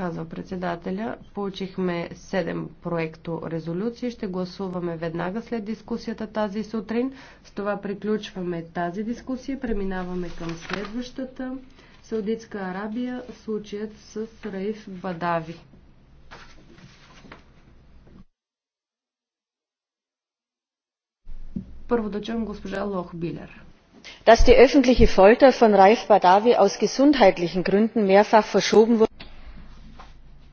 казва председателя. Получихме 7 проекто резолюции. Ще гласуваме веднага след дискусията тази сутрин. С това приключваме тази дискусия. Преминаваме към следващата. Саудитска Арабия, случаят с Раиф Бадави. Първо да чуем госпожа Лох Билер dass die öffentliche folter von raif badawi aus gesundheitlichen gründen mehrfach verschoben wurde.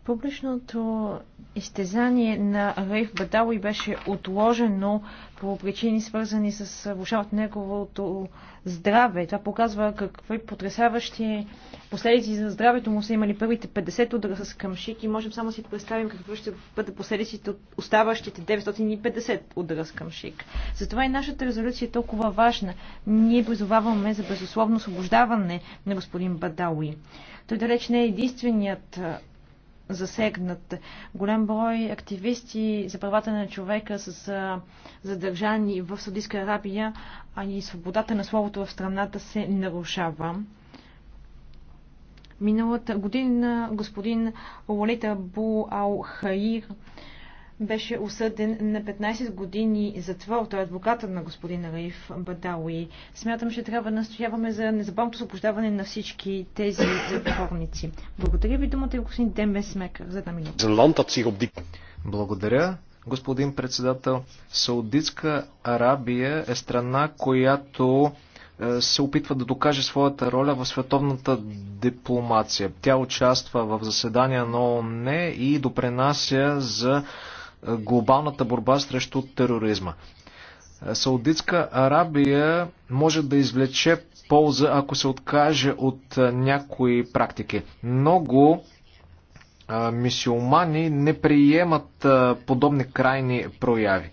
Публичното изтезание на Рейф Бадауи беше отложено по причини свързани с влушаването неговото здраве. Това показва какви потрясаващи последици за здравето му са имали първите 50 удара с камшик и можем само си представим какво ще бъде последиците от оставащите 950 удара с камшик. Затова и нашата резолюция е толкова важна. Ние призоваваме за безусловно освобождаване на господин Бадауи. Той далеч не е единственият засегнат. Голям брой активисти за правата на човека са задържани в Саудитска Арабия, а и свободата на словото в страната се нарушава. Миналата година господин Лолита Бу Ал Хаир беше осъден на 15 години затвор. Той е адвоката на господин Раиф Бадауи. Смятам, че трябва да настояваме за незабавното освобождаване на всички тези затворници. Благодаря ви думата и е господин Дембес Мекър за една минута. Благодаря. Господин председател, Саудитска Арабия е страна, която е, се опитва да докаже своята роля в световната дипломация. Тя участва в заседания на ООН и допренася за глобалната борба срещу тероризма. Саудитска Арабия може да извлече полза, ако се откаже от някои практики. Много мисиомани не приемат подобни крайни прояви.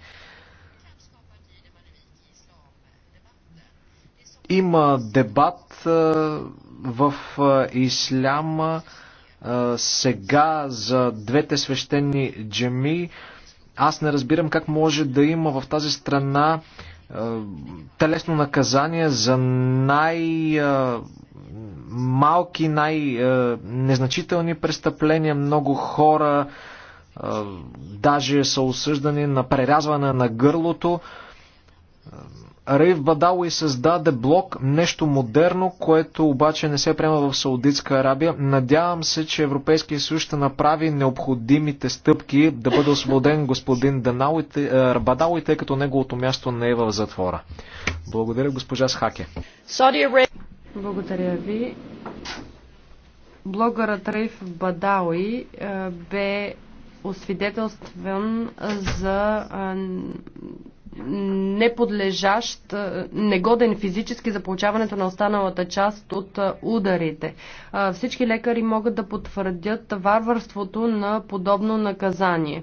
Има дебат в исляма сега за двете свещени джеми. Аз не разбирам как може да има в тази страна е, телесно наказание за най-малки, е, най-незначителни е, престъпления. Много хора даже са осъждани на прерязване на гърлото. Раив Бадауи създаде блок, нещо модерно, което обаче не се приема в Саудитска Арабия. Надявам се, че Европейския съюз ще направи необходимите стъпки да бъде освободен господин е, Бадауи, тъй като неговото място не е в затвора. Благодаря, госпожа Схаке. Благодаря ви. Блогърът Раив Бадауи е, бе освидетелстван за е, неподлежащ, негоден физически за получаването на останалата част от ударите. Всички лекари могат да потвърдят варварството на подобно наказание.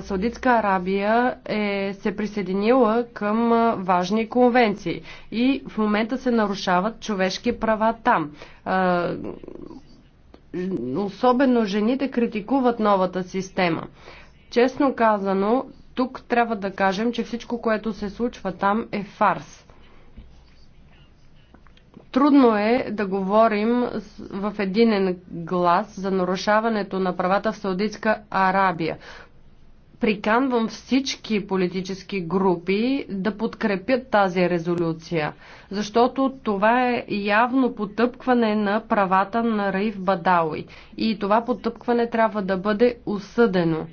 Саудитска Арабия е се присъединила към важни конвенции и в момента се нарушават човешки права там особено жените критикуват новата система. Честно казано, тук трябва да кажем, че всичко, което се случва там е фарс. Трудно е да говорим в единен глас за нарушаването на правата в Саудитска Арабия. Приканвам всички политически групи да подкрепят тази резолюция, защото това е явно потъпкване на правата на Раиф Бадауи и това потъпкване трябва да бъде осъдено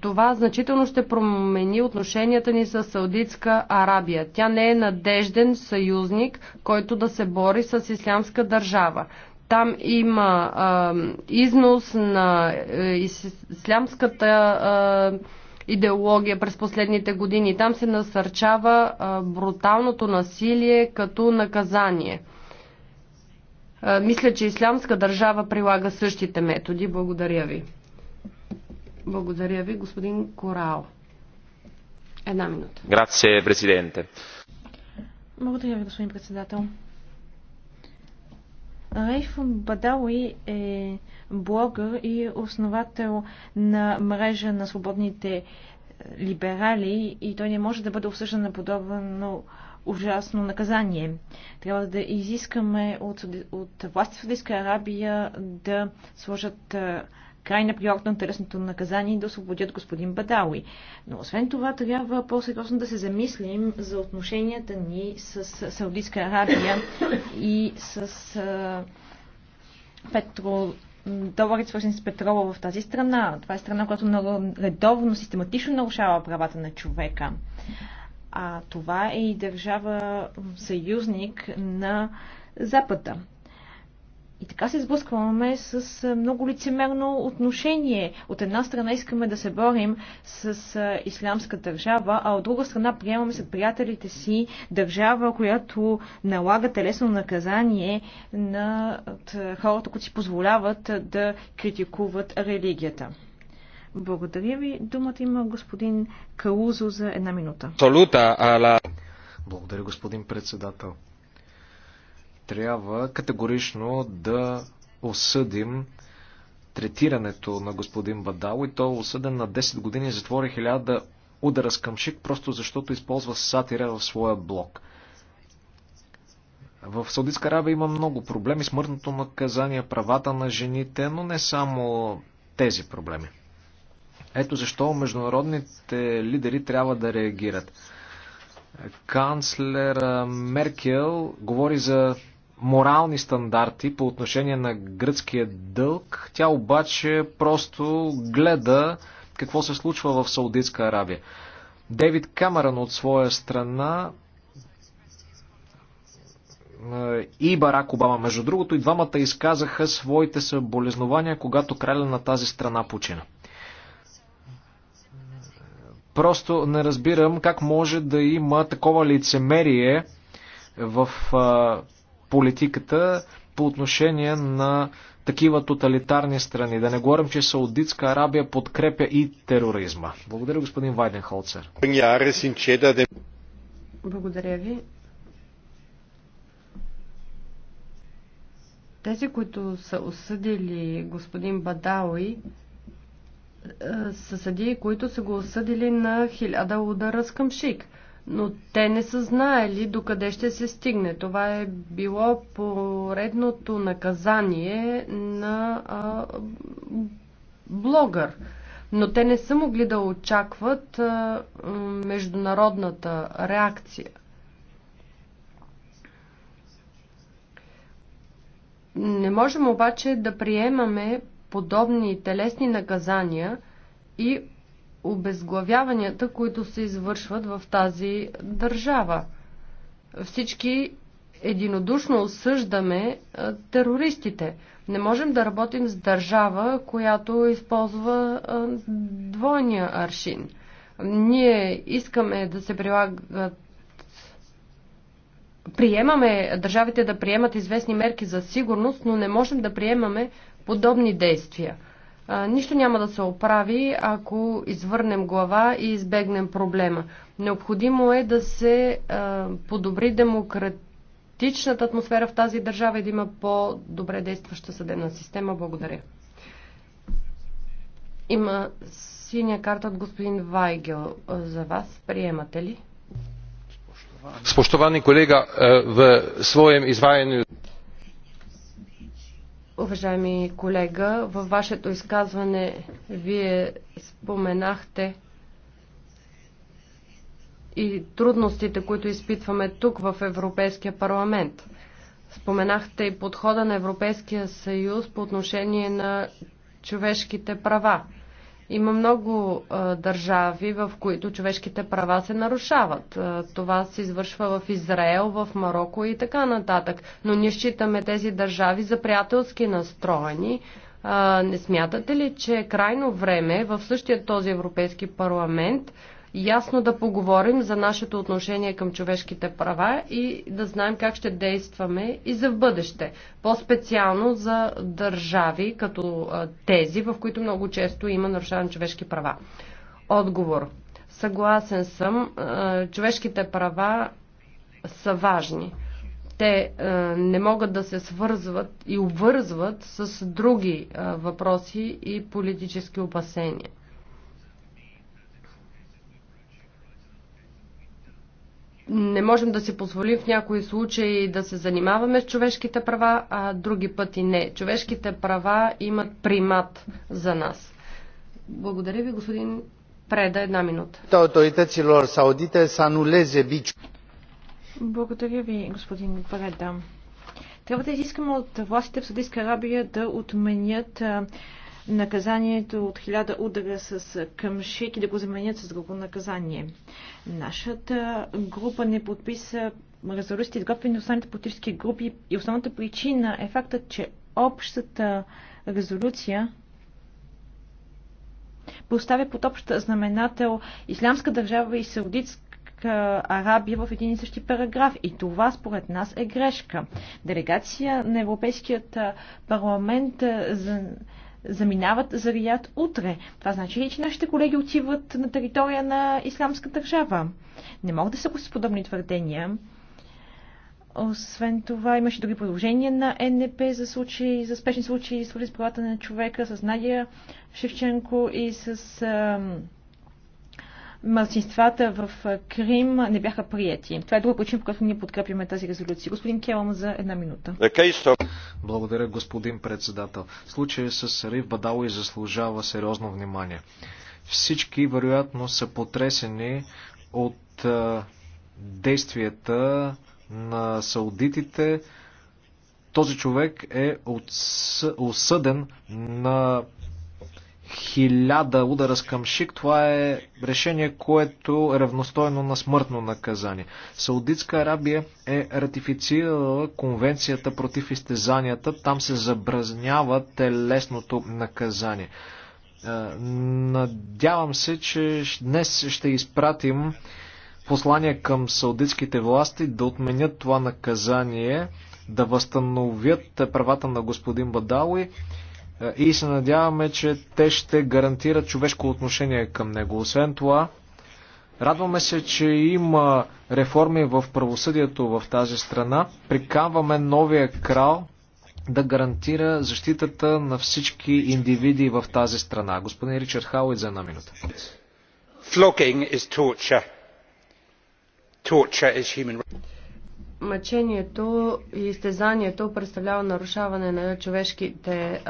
това значително ще промени отношенията ни с Саудитска Арабия. Тя не е надежден съюзник, който да се бори с ислямска държава. Там има а, износ на е, ислямската а, идеология през последните години. Там се насърчава а, бруталното насилие като наказание. А, мисля, че ислямска държава прилага същите методи. Благодаря ви. Благодаря ви, господин Корао. Една минута. Грация, президенте. Благодаря ви, господин председател. Рейф Бадауи е блогър и основател на мрежа на свободните е, либерали и той не може да бъде осъждан на подобно ужасно наказание. Трябва да изискаме от, от власти в Арабия да сложат е, на приорът на телесното наказание и да освободят господин Бадауи. Но освен това трябва по-сериозно да се замислим за отношенията ни с Саудитска Арабия и с петро долари, свързани с петрола в тази страна. Това е страна, която редовно, систематично нарушава правата на човека. А това е и държава съюзник на Запада. И така се сблъскваме с много лицемерно отношение. От една страна искаме да се борим с ислямска държава, а от друга страна приемаме с приятелите си държава, която налага телесно наказание на хората, които си позволяват да критикуват религията. Благодаря ви. Думата има господин Каузо за една минута. Благодаря, господин председател трябва категорично да осъдим третирането на господин Бадал и то е осъден на 10 години затвори 1000 удара с къмшик, просто защото използва сатира в своя блог. В Саудитска Арабия има много проблеми, смъртното наказание, правата на жените, но не само тези проблеми. Ето защо международните лидери трябва да реагират. Канцлер Меркел говори за морални стандарти по отношение на гръцкия дълг. Тя обаче просто гледа какво се случва в Саудитска Арабия. Дейвид Камерън от своя страна е, и Барак Обама, между другото, и двамата изказаха своите съболезнования, когато краля на тази страна почина. Просто не разбирам как може да има такова лицемерие в е, политиката по отношение на такива тоталитарни страни. Да не говорим, че Саудитска Арабия подкрепя и тероризма. Благодаря, господин Вайденхолцер. Благодаря ви. Тези, които са осъдили господин Бадауи, е, са съдии, които са го осъдили на хиляда удара с къмшик но те не са знаели докъде ще се стигне. Това е било поредното наказание на а, блогър. Но те не са могли да очакват а, международната реакция. Не можем обаче да приемаме подобни телесни наказания и обезглавяванията, които се извършват в тази държава. Всички единодушно осъждаме е, терористите. Не можем да работим с държава, която използва е, двойния аршин. Ние искаме да се прилагат приемаме държавите да приемат известни мерки за сигурност, но не можем да приемаме подобни действия. Нищо няма да се оправи, ако извърнем глава и избегнем проблема. Необходимо е да се подобри демократичната атмосфера в тази държава и да има по-добре действаща съдебна система. Благодаря. Има синя карта от господин Вайгел за вас. Приемате ли? Spoštovani колега, в своем izvajanju Уважаеми колега, във вашето изказване вие споменахте и трудностите, които изпитваме тук в Европейския парламент. Споменахте и подхода на Европейския съюз по отношение на човешките права. Има много а, държави, в които човешките права се нарушават. А, това се извършва в Израел, в Марокко и така нататък. Но ние считаме тези държави за приятелски настроени. А, не смятате ли, че е крайно време в същия този Европейски парламент ясно да поговорим за нашето отношение към човешките права и да знаем как ще действаме и за в бъдеще. По-специално за държави като тези, в които много често има нарушаване на човешки права. Отговор. Съгласен съм, човешките права са важни. Те не могат да се свързват и обвързват с други въпроси и политически опасения. не можем да си позволим в някои случаи да се занимаваме с човешките права, а други пъти не. Човешките права имат примат за нас. Благодаря ви, господин Преда, една минута. Благодаря ви, господин Преда. Трябва да изискаме от властите в Саудитска Арабия да отменят наказанието от хиляда удара с къмшик и да го заменят с друго наказание. Нашата група не подписа резолюции, изготвени от останалите политически групи и основната причина е фактът, че общата резолюция поставя под общ знаменател Ислямска държава и Саудитска Арабия в един и същи параграф. И това според нас е грешка. Делегация на Европейският парламент за заминават за Рият утре. Това значи ли, че нашите колеги отиват на територия на исламска държава? Не могат да са с подобни твърдения. Освен това, имаше други предложения на НП за, случаи, за спешни случаи, свързани с правата на човека, с Надя Шевченко и с малцинствата в Крим не бяха прияти. Това е друга причина, по която ние подкрепяме тази резолюция. Господин Келам за една минута. Благодаря, господин председател. Случаят с Рив Бадауи заслужава сериозно внимание. Всички, вероятно, са потресени от действията на саудитите. Този човек е осъден на хиляда удара с камшик, това е решение, което е равностойно на смъртно наказание. Саудитска Арабия е ратифицирала конвенцията против изтезанията, там се забразнява телесното наказание. Е, надявам се, че днес ще изпратим послание към саудитските власти да отменят това наказание, да възстановят правата на господин Бадауи е, и се надяваме, че те ще гарантират човешко отношение към него. Освен това, радваме се, че има реформи в правосъдието в тази страна. Приканваме новия крал да гарантира защитата на всички индивиди в тази страна. Господин Ричард Хауит за една минута. Flogging is torture. Torture is human rights мъчението и изтезанието представлява нарушаване на човешките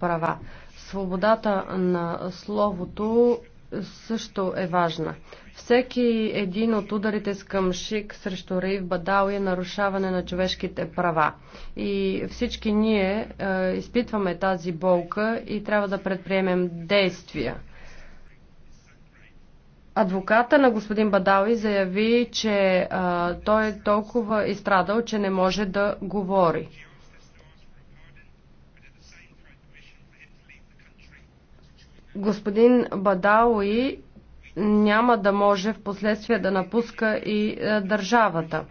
права. Свободата на словото също е важна. Всеки един от ударите с къмшик срещу Раив Бадал е нарушаване на човешките права. И всички ние изпитваме тази болка и трябва да предприемем действия. Адвоката на господин Бадави заяви, че а, той е толкова изстрадал, че не може да говори. Господин Бадауи няма да може в последствие да напуска и а, държавата.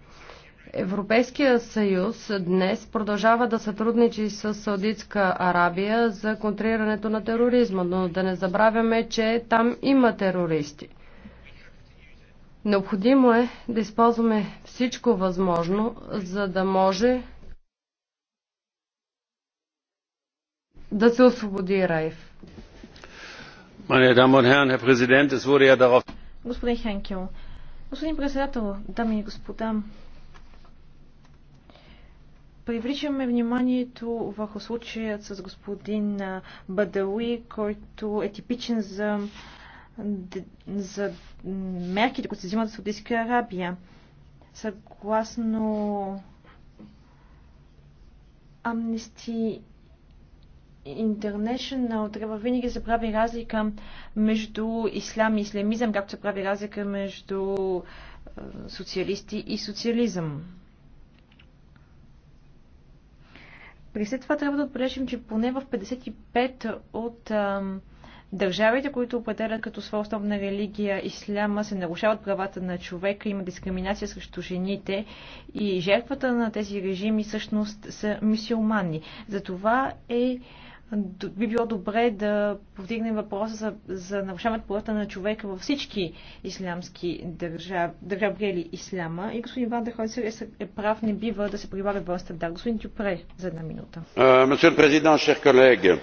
Европейския съюз днес продължава да сътрудничи с Саудитска Арабия за контрирането на тероризма, но да не забравяме, че там има терористи. Необходимо е да използваме всичко възможно, за да може да се освободи Раев. Господин Хенкел, господин председател, дами и господа, привличаме вниманието върху случаят с господин Бадауи, който е типичен за за мерките, които се взимат в Саудитска Арабия. Съгласно Amnesty International трябва винаги да се прави разлика между ислам и ислямизъм, както се прави разлика между социалисти и социализъм. При след това трябва да отбележим, че поне в 55 от ам, Държавите, които определят като своя основна религия исляма, се нарушават правата на човека, има дискриминация срещу жените и жертвата на тези режими всъщност са мисиомани. Затова е би било добре да повдигнем въпроса за, за нарушаването правата на човека във всички ислямски държави, държави или исляма. И господин Ван Дехойцер е, е прав, не бива да се прилага в стандарт. Господин Тюпре, за една минута. Е, месье президент, шер колеги,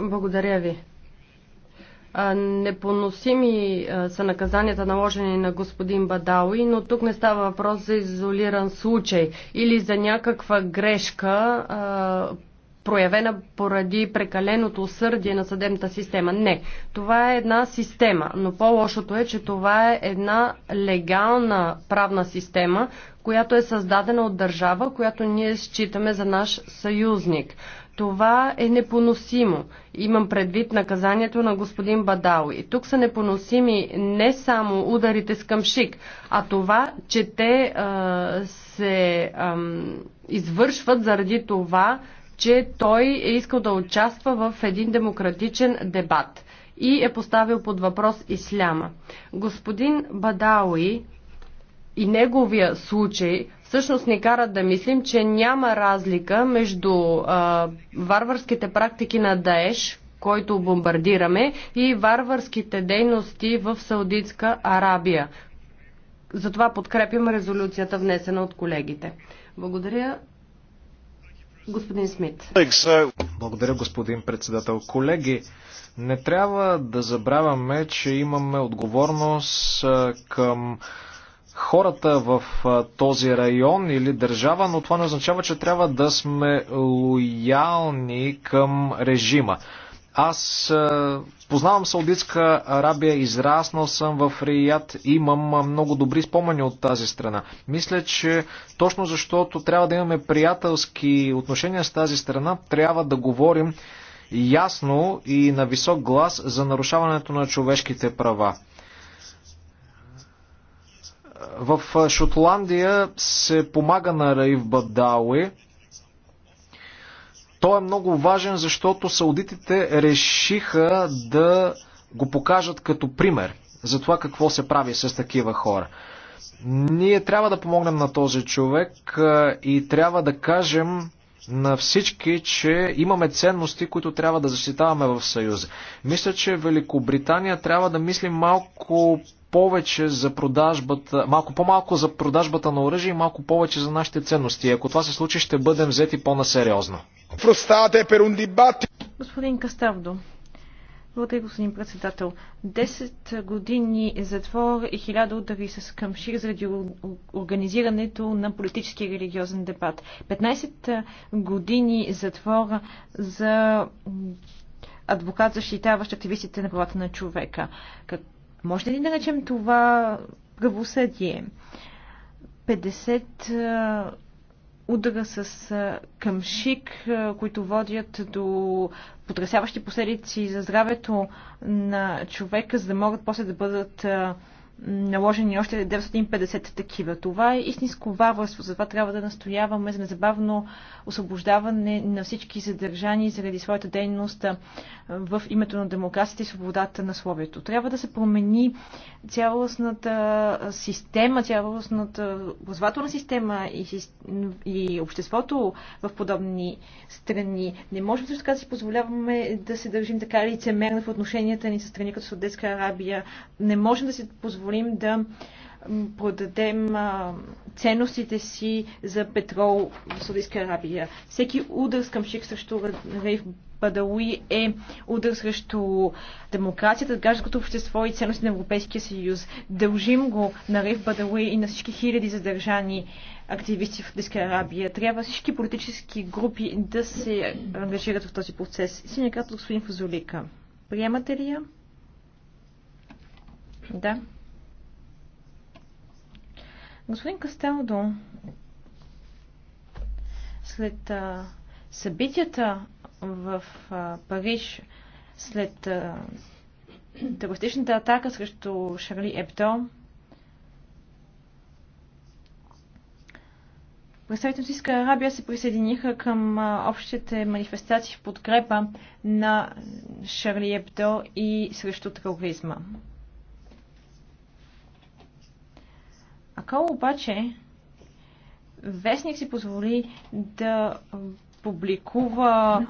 благодаря ви. Непоносими са наказанията наложени на господин Бадауи, но тук не става въпрос за изолиран случай или за някаква грешка, проявена поради прекаленото усърдие на съдебната система. Не, това е една система, но по-лошото е, че това е една легална правна система, която е създадена от държава, която ние считаме за наш съюзник. Това е непоносимо. Имам предвид наказанието на господин Бадал. И тук са непоносими не само ударите с къмшик, а това, че те а, се а, извършват заради това, че той е искал да участва в един демократичен дебат и е поставил под въпрос исляма. Господин Бадауи и неговия случай всъщност ни карат да мислим, че няма разлика между а, варварските практики на Даеш, който бомбардираме, и варварските дейности в Саудитска Арабия. Затова подкрепим резолюцията, внесена от колегите. Благодаря. Господин Смит. Благодаря, господин председател. Колеги, не трябва да забравяме, че имаме отговорност към хората в този район или държава, но това не означава, че трябва да сме лоялни към режима. Аз познавам Саудитска Арабия, израснал съм в Рият, имам много добри спомени от тази страна. Мисля, че точно защото трябва да имаме приятелски отношения с тази страна, трябва да говорим ясно и на висок глас за нарушаването на човешките права. В Шотландия се помага на Раив Бадауи. Той е много важен, защото саудитите решиха да го покажат като пример за това какво се прави с такива хора. Ние трябва да помогнем на този човек и трябва да кажем на всички, че имаме ценности, които трябва да защитаваме в Съюза. Мисля, че Великобритания трябва да мисли малко повече за продажбата, малко по-малко за продажбата на оръжие и малко повече за нашите ценности. Ако това се случи, ще бъдем взети по-насериозно. Господин Каставдо, благодаря, господин председател. 10 години затвор и хиляда удари с къмшир заради организирането на политически и религиозен дебат. 15 години затвора за адвокат, защитаващ активистите на правата на човека. Как може ли да речем това правосъдие? 50 удара с къмшик, които водят до потрясяващи последици за здравето на човека, за да могат после да бъдат наложени още 950 такива. Това е истинско варварство, затова трябва да настояваме за незабавно освобождаване на всички задържани заради своята дейност в името на демокрацията и свободата на словието. Трябва да се промени цялостната система, цялостната образователна система и, и обществото в подобни страни. Не можем също така да си позволяваме да се държим така лицемерно в отношенията ни с страни като Судетска Арабия. Не можем да си позволяваме позволим да продадем ценностите си за петрол в Саудитска Арабия. Всеки удар с къмшик срещу Рейф Бадауи е удар срещу демокрацията, гражданското общество и ценности на Европейския съюз. Дължим го на Рейф Бадауи и на всички хиляди задържани активисти в Саудитска Арабия. Трябва всички политически групи да се ангажират в този процес. Синя карта господин Фазолика. Приемате ли я? Да. Господин Кастелдо, след а, събитията в а, Париж, след терористичната атака срещу Шарли Ебдо, Представителите Сирийска Арабия се присъединиха към общите манифестации в подкрепа на Шарли Ебдо и срещу тероризма. Ако обаче вестник си позволи да публикува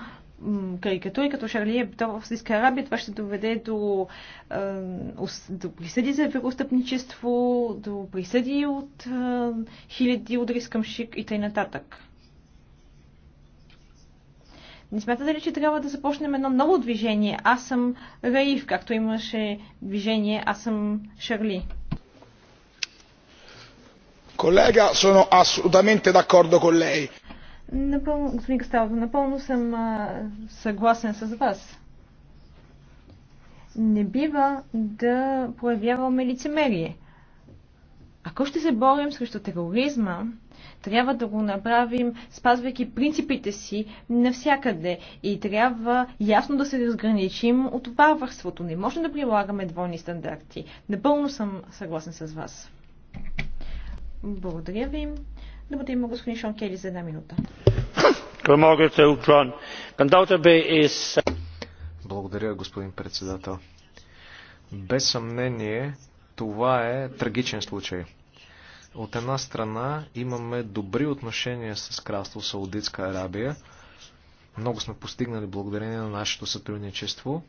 карикатури като Шарли Ебдо в Слизка Арабия, това ще доведе до, до присъди за вероотстъпничество, до присъди от хиляди удари с къмшик и т.н. Не смятате ли, че трябва да започнем едно ново движение? Аз съм Раив, както имаше движение Аз съм Шарли. Колега, sono assolutamente d'accordo con lei. Напълно, господин напълно съм съгласен с вас. Не бива да проявяваме лицемерие. Ако ще се борим срещу тероризма, трябва да го направим, спазвайки принципите си навсякъде и трябва ясно да се разграничим от варварството. Не можем да прилагаме двойни стандарти. Напълно съм съгласен с вас. Благодаря ви. Добре, има господин Шон Кели за една минута. Благодаря, господин председател. Без съмнение, това е трагичен случай. От една страна имаме добри отношения с Кралство Саудитска Арабия. Много сме постигнали благодарение на нашето сътрудничество.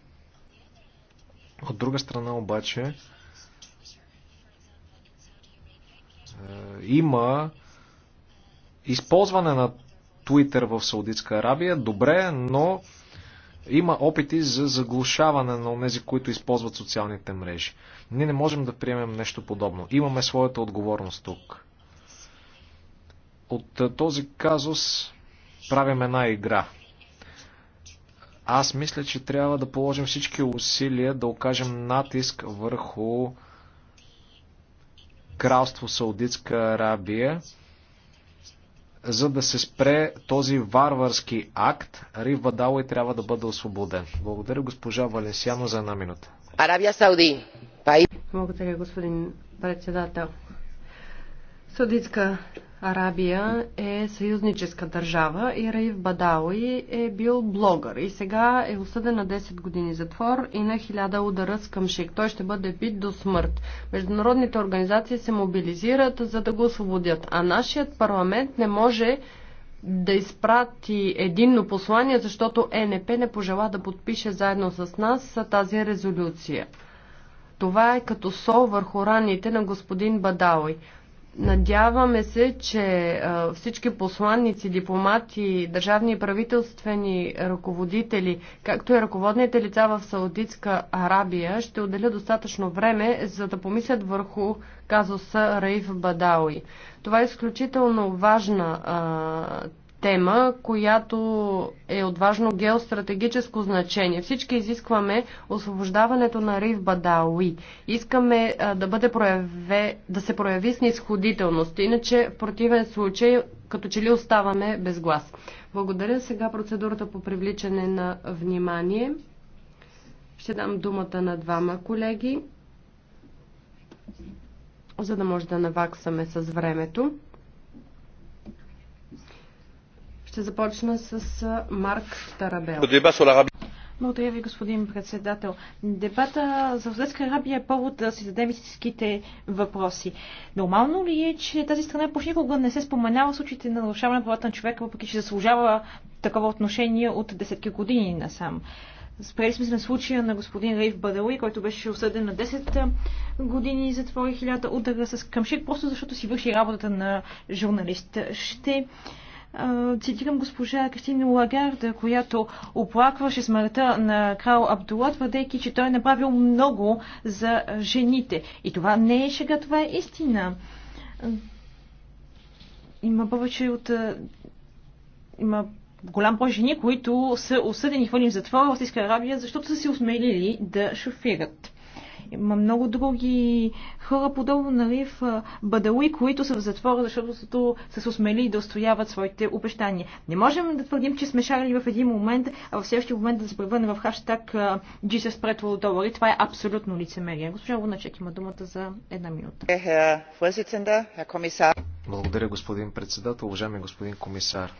От друга страна обаче, Е, има използване на Twitter в Саудитска Арабия, добре, но има опити за заглушаване на тези, които използват социалните мрежи. Ние не можем да приемем нещо подобно. Имаме своята отговорност тук. От е, този казус правим една игра. Аз мисля, че трябва да положим всички усилия да окажем натиск върху кралство Саудитска Арабия, за да се спре този варварски акт, Рив Бадауи трябва да бъде освободен. Благодаря госпожа Валенсиано за една минута. Арабия Сауди. Благодаря господин председател. Саудитска Арабия е съюзническа държава и Раив Бадауи е бил блогър и сега е осъден на 10 години затвор и на 1000 удара с къмшик. Той ще бъде бит до смърт. Международните организации се мобилизират за да го освободят, а нашият парламент не може да изпрати единно послание, защото ЕНП не пожела да подпише заедно с нас тази резолюция. Това е като сол върху раните на господин Бадауи. Надяваме се, че всички посланници, дипломати, държавни и правителствени ръководители, както и ръководните лица в Саудитска Арабия, ще отделят достатъчно време, за да помислят върху казуса Раиф Бадауи. Това е изключително важна а, тема, която е от важно геостратегическо значение. Всички изискваме освобождаването на Рив Бадауи. Искаме а, да, бъде прояве, да се прояви снисходителност, иначе в противен случай като че ли оставаме без глас. Благодаря. Сега процедурата по привличане на внимание. Ще дам думата на двама колеги, за да може да наваксаме с времето. Ще започна с Марк Тарабел. Благодаря ви, господин председател. Дебата за Саудитска Арабия е повод да си зададем истинските въпроси. Нормално ли е, че тази страна почти никога не се споменава в случаите на нарушаване правата на човека, въпреки че заслужава такова отношение от десетки години насам? Спрели сме на случая на господин Раиф Бадалуи, който беше осъден на 10 години и затвори хиляда удара с къмшик, просто защото си върши работата на журналист. Ще цитирам госпожа Кристина Лагарда, която оплакваше смъртта на крал Абдула, твърдейки, че той е направил много за жените. И това не е шега, това е истина. Има повече от... Има голям брой жени, които са осъдени хвърлим затвора в Сиска Арабия, защото са се осмелили да шофират. Има много други хора, подобно на Риф Бадауи, които са в затвора, защото са се осмели да устояват своите обещания. Не можем да твърдим, че сме шарили в един момент, а в следващия момент да се превърне в хаштаг Jesus Pretwell и Това е абсолютно лицемерие. Госпожа Луначек има думата за една минута. Благодаря, господин председател, уважаеми господин комисар.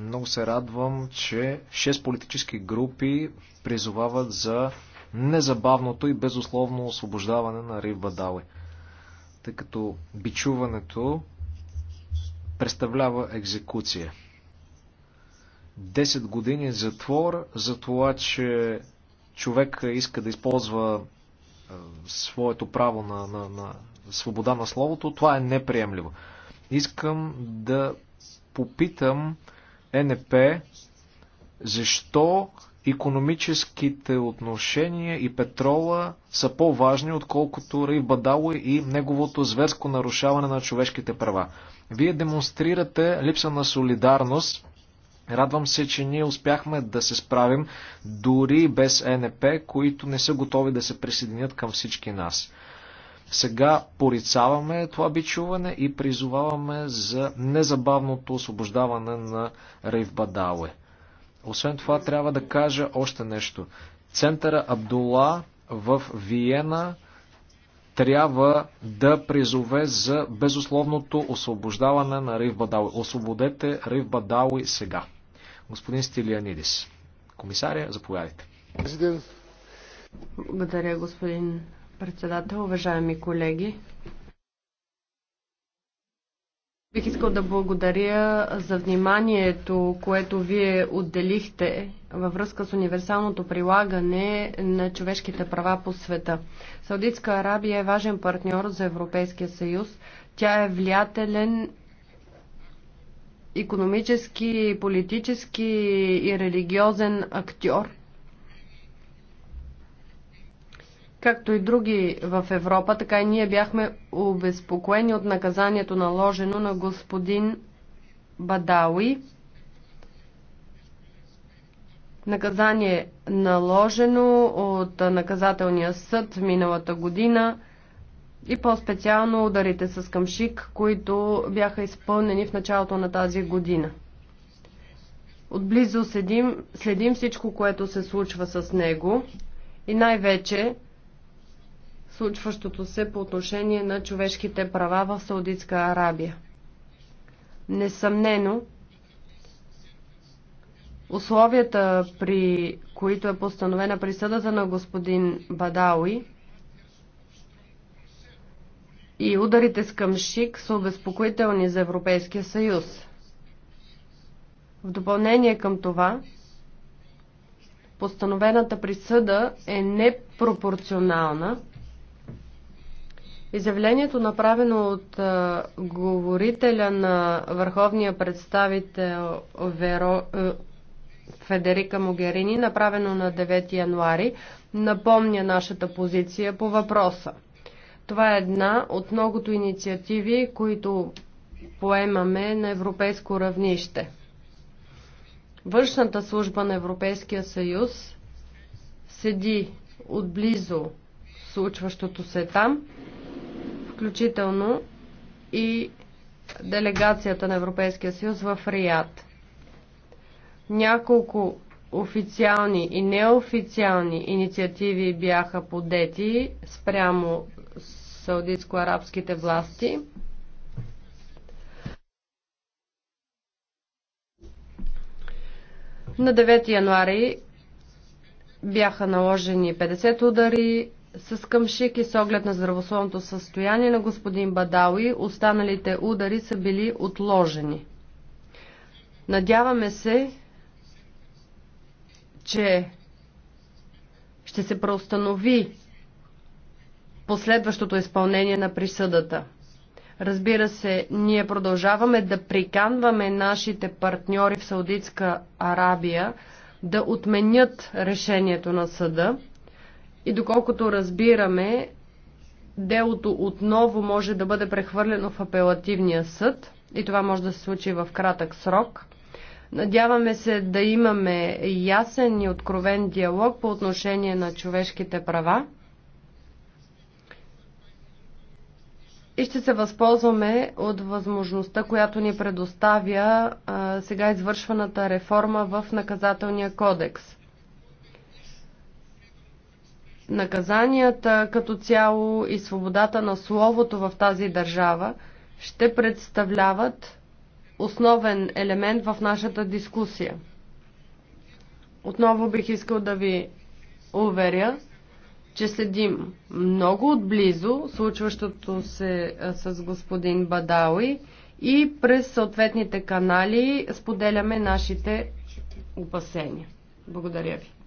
Много се радвам, че 6 политически групи призовават за незабавното и безусловно освобождаване на Рив Бадауи. Тъй като бичуването представлява екзекуция. 10 години затвор за това, че човек иска да използва своето право на, на, на свобода на словото, това е неприемливо. Искам да попитам НП защо економическите отношения и петрола са по-важни, отколкото Рей Бадало и неговото зверско нарушаване на човешките права. Вие демонстрирате липса на солидарност. Радвам се, че ние успяхме да се справим дори без НП, които не са готови да се присъединят към всички нас. Сега порицаваме това бичуване и призоваваме за незабавното освобождаване на Рейв Бадауе. Освен това, трябва да кажа още нещо. Центъра Абдула в Виена трябва да призове за безусловното освобождаване на Рейв Бадауи. Освободете Рейв Бадауи сега. Господин Стилианидис. Комисаря, заповядайте. Благодаря, господин председател, уважаеми колеги. Бих искал да благодаря за вниманието, което вие отделихте във връзка с универсалното прилагане на човешките права по света. Саудитска Арабия е важен партньор за Европейския съюз. Тя е влиятелен економически, политически и религиозен актьор Както и други в Европа, така и ние бяхме обезпокоени от наказанието наложено на господин Бадауи. Наказание наложено от наказателния съд миналата година и по-специално ударите с камшик, които бяха изпълнени в началото на тази година. Отблизо следим, следим всичко, което се случва с него и най-вече случващото се по отношение на човешките права в Саудитска Арабия. Несъмнено, условията, при които е постановена присъдата на господин Бадауи и ударите с къмшик са обезпокоителни за Европейския съюз. В допълнение към това, постановената присъда е непропорционална – Изявлението, направено от а, говорителя на върховния представител Веро, а, е, Федерика Могерини, направено на 9 януари, напомня нашата позиция по въпроса. Това е една от многото инициативи, които поемаме на европейско равнище. Външната служба на Европейския съюз седи отблизо случващото се там включително и делегацията на Европейския съюз в Риад. Няколко официални и неофициални инициативи бяха подети спрямо саудитско-арабските власти. На 9 януари бяха наложени 50 удари с къмшик и с оглед на здравословното състояние на господин Бадауи, останалите удари са били отложени. Надяваме се, че ще се преустанови последващото изпълнение на присъдата. Разбира се, ние продължаваме да приканваме нашите партньори в Саудитска Арабия да отменят решението на съда и доколкото разбираме, делото отново може да бъде прехвърлено в апелативния съд и това може да се случи в кратък срок. Надяваме се да имаме ясен и откровен диалог по отношение на човешките права. И ще се възползваме от възможността, която ни предоставя а, сега извършваната реформа в наказателния кодекс наказанията като цяло и свободата на словото в тази държава ще представляват основен елемент в нашата дискусия. Отново бих искал да ви уверя, че следим много отблизо случващото се с господин Бадауи и през съответните канали споделяме нашите опасения. Благодаря ви.